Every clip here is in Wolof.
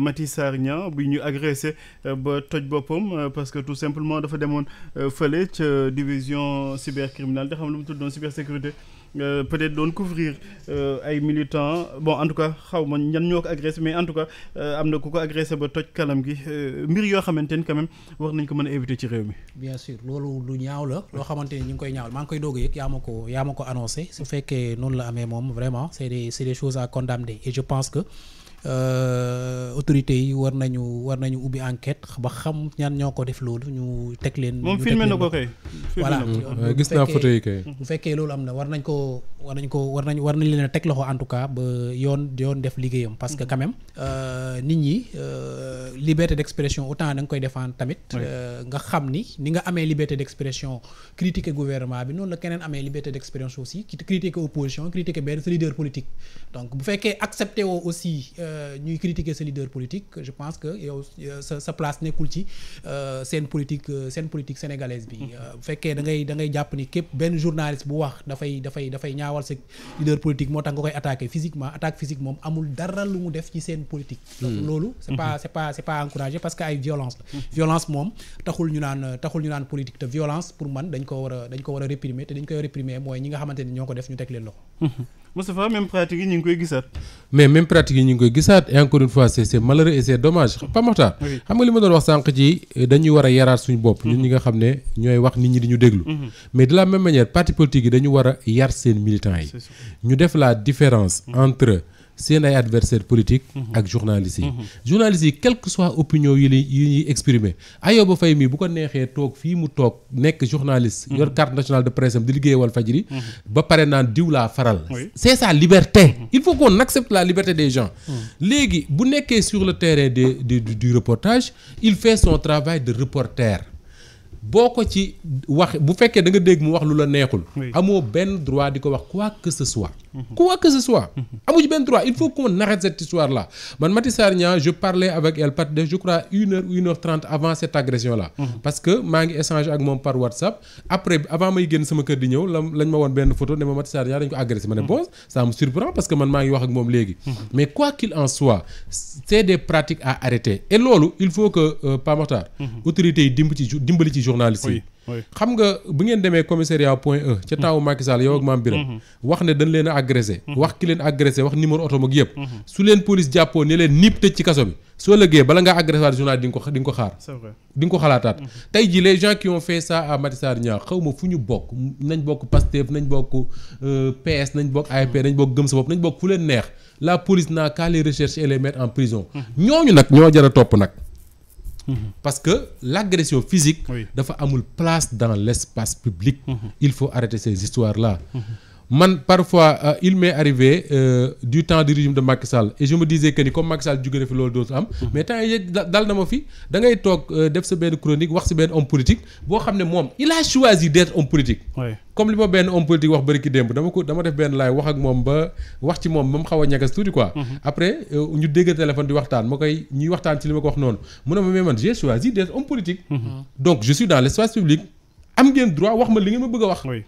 Maty Sarr Niang bi ñu agressé euh, ba toj boppam euh, parce que tout simplement dafa demoon euh, fële ca division cybercriminale te xam lu mu tuddoon cybersécurité peut-être doon couvrir ay militants bon en tout cas xaw ma ñan ñoo ko agressé en tout cas am na ku ko agressé ba toj kanam gi mbir yoo xamante ni quand war nañ ko mën a éviter ci réew mi. bien sûr loolu lu ñaaw la loo xamante ni ñu ngi koy ñaaw maa ngi koy doog a yëg yaa ma ko yaa ma su fekkee noonu la amee moom vraiment c'est des c'est je pense que. Euh, autorités yi war nañu war nañu ubbi enquête ba xam ñaan ñoo ko def loolu ñu teg leen. moom filmé na ko kay voilà mm-hmm. euh, gis naa photo bu fekkee loolu am na war nañ ko war nañ ko war nañ war nañ leen a teg loxo en tout cas ba yoon yoon def liggéeyam parce que mm-hmm. quand même euh, nit ñi euh, liberté d'expression autant da nga koy défendre tamit nga xam ni ni nga amee liberté d'expression critique gouvernement bi noonu la keneen amee liberté d'expression aussi critiquer opposition critiquer benn sa leader politique donc bu fekkee accepté woo aussi ñuy critiquer sa leader politique je pense que yow sa sa nekkul ci seen politique seen politique sénégalaise bi mm-hmm. fekkee da ngay da ngay jàpp ni képp benn journaliste bu wax dafay dafay ñaawal sa leader politique moo tax nga koy attaqué physiquement attaque physique moom amul dara lu mu def ci seen politique. Hmm. donc loolu c'est pas c'est pas c'est parce que ay violence la. Hmm. violence moom taxul ñu naan taxul ñu naan politique te violence pour man dañ ko war dañ ko war réprimer te dañ koy réprimer mooy ñi nga xamante ñoo ko def ñu teg leen loxo. Mm-hmm. Moustapha même pratique yi ñu ngi koy gisaat. mais même pratique yi ñu ngi koy gisaat encore une fois c' est c' est malheureux et c' xam nga li ma doon wax sànq ci euh, dañuy war yaraat suñu bopp. ñun ñi nga xam ne ñooy wax nit ñi di ñu déglu. Mm-hmm. mais de la même manière politique yi dañu war a yar seen militants yi. ñu def la différence mm-hmm. entre. seen ay adversaire politique mhm. ak journalistes yi mhm. journalistes yi quelle que soit opinion yi li yi ñuy exprimer Ayoba Faye mii bu ko neexee toog fii mu toog nekk journaliste mhm. yor carte nationale de presse am di liggéey wal fajri ba pare naan diw faral c'est ça liberté il faut qu'on accepte la liberté des gens léegi bu nekkee sur le terrain des du, du reportage il fait son travail de reporter boo ko ci wax bu fekkee da nga dégg mu wax lu la neexul amoo benn droit di ko wax quoi que ce Mhm. quoi que ce soit. Mhm. amu ci benn droit il faut qu'on arrête cette histoire là man Mati Sarr Niang je parlais avec elle peut je crois une heure une heure trente avant cette agression là. Mhm. parce que maa ngi échange ak moom par WhatsApp après avant may génn sama kër di ñëw la lañ ma woon benn photo ne ma Mati Sarr Niang dañ ko agressé ma ne bon ça me surprend parce que man maa ngi wax ak moom léegi. mais quoi qu'il en soit c'est des pratiques à arrêter et loolu il xam nga bu ngeen demee commissariat point E. ca taawu mm-hmm. Macky Sall yow ak maam Birame mm-hmm. wax ne dañ leen a agressé. Mm-hmm. wax ki leen agressé wax numéro oto ak yëpp. su leen police jàppoo ne leen nipp tëj ci kaso bi. soo lëggee bala ngaa agressé waat journal di nga ko di nga ko xaar. c'est vrai di nga ko xalaataat. tey jii les gens qui ont fait ça à Matissar Niang fu ñu bokk nañ bokk Pastef nañ bokk euh, PS nañ bokk AFP nañ bokk Gëm sa bopp nañ bokk fu leen neex la police n'a qu'à les rechercher en prison. ñooñu nag ñoo jar a topp nag. parce que l'agression physique. dafa amul place dans l'espace public. Mhm. il faut arrêter ces histoires là. Mhm. man parfois euh, il m'est arrivé euh, du temps du régime de Macky Sall et je me disais que comme Macky Sall jóge na fi loolu dootu am. Mm-hmm. mais temps yii dal na ma fi da ngay toog euh, def sa benn chronique wax si benn homme politique boo xam ne moom il a choisi d'être homme politique. Ouais. comme li ma benn homme politique wax bëri ki démb dama ko dama def benn laay wax ak moom ba wax ci moom ba mu xaw a ñagas tuuti quoi. Mm-hmm. après euh, ñu dégg téléphone di waxtaan ma koy ñuy waxtaan ci li ma ko wax mm-hmm. ma li ngeen ma bëgg a wax.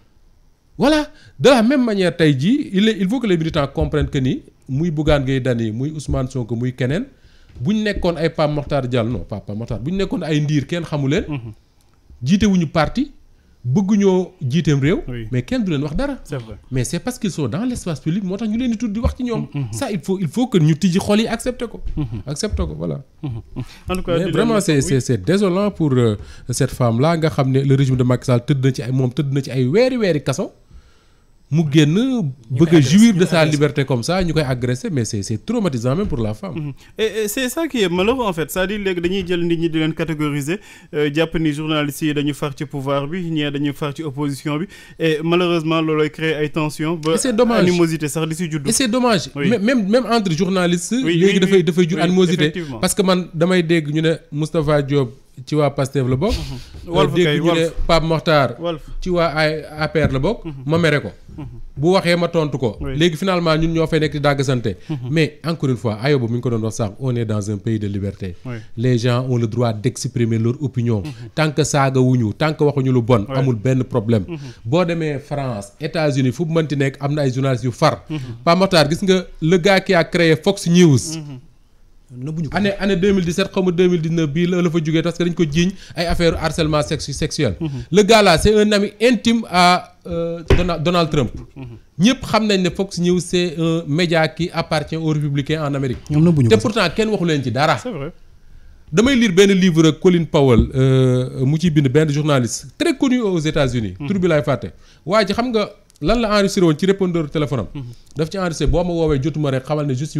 voilà de la même manière tey jii il est il faut que les militants comprennent que ni muy Bougane Gueye Dany muy Ousmane Sonko muy keneen buñ nekkoon ay Pape Mokhtar Diallo non Pape Mokhtar buñ nekkoon ay ndiir kenn xamu leen. Mhm. jiitewuñu parti bëgguñoo jiiteem réew. mais kenn du leen wax dara. mais c'est parce qu'ils ñu leen di tudd di wax mhm. Mhm. il faut que ñu tijji xol yi accepter ko. accepter ko voilà. en tout cas mais vraiment c'est c'est désolant pour euh, cette femme là nga xam ne le régime de Macky Sall tëdd na moom tëdd na ci ay weeri weeri kaso. mu génn bëgg a jouir de sa liberté comme ça ñu koy agressé mais c'est c'est pour la femme. Mm-hmm. et c'est ça qui est malheureux en léegi dañuy jël nit ñi di leen catégoriser euh, jàpp ni journalistes yi dañu far ci pouvoir bi ñee dañu far ci opposition bi et malheureusement loolooy créer ay tensions. ba sax di si judd. et c'est dommage même même entre journalistes. léegi dafay dafay jur animosité parce que man damay dégg ñu ne Moustapha Diop. ci waa Pastef la bokk. Mhm. Walf euh, kay Walf dégg ñu ne Pape Mokhtar. ci waa APR la bokk. Mhm. ma mere ko. Mhm. bu waxee ma tontu ko. léegi finalement ñun ñoo fay nekk di dàgg sante mais encore une fois ayoba mi ñu ko doon wax sax on est dans un pays de liberté. les gens ont droit d'exprimer leur opinion. tant saaga wuñu tant que waxuñu lu bon. amul benn problème. boo demee France États-Unis fu mu nekk am na ay journalistes yu far. Pape Mokhtar gis nga le gars qui a créé Fox News. nëbbuñu ko année année 2017 xaw ma 2019 bii la la fa jugee parce dañ ko jiiñ ay affaire harcèlement sexuel. Mhm. le gars là ami intime à euh, Donald, Trump. Mhm. ñëpp xam nañ ne Fox News c' est un média qui appartient aux républicains en Amérique. ñoom nëbbuñu ko te pourtant kenn waxu leen ci dara. c' est vrai damay lire benn livre ak Colin Powell euh, mu ciy bind benn journaliste très connu aux États-Unis mhm. tur bi fàtte waa ji xam nga. lan la enregistré woon ci répondeur téléphone am. ci enregistré boo ma woowee jotuma rek xamal ne je suis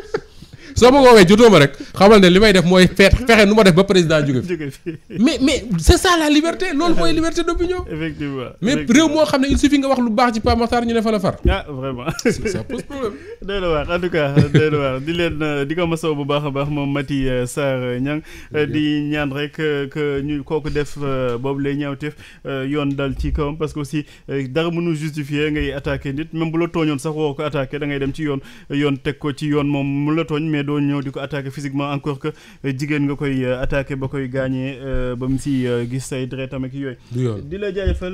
soo ma woowee jotoo ma rek xamal ne li may def mooy feet fexe nu ma def ba président jóge fi mais mais c'est ça liberté loolu mooy liberté d'opinion effectivement mais réew moo xam ne il suffit nga wax lu baax ci Pape Makhtar ñu ne ah, di leen di ko bu baax a baax moom Mati euh, Sarr euh, Niang euh, di ñaan rek ñu kooku def boobu lay ñaawteef yoon dal ci kawam parce que si dara mënul justifier ngay attaquer nit même bu la tooñoon sax woo ko attaquer da ngay dem ci yoon yoon teg ko ci yoon moom mu la tooñ doo ñëw di ko attaqué physiquement encore que euh, jigéen nga koy euh, attaqué ba koy gaañee euh, ba mu si gis say dret tamit yooyu di la jaajëfal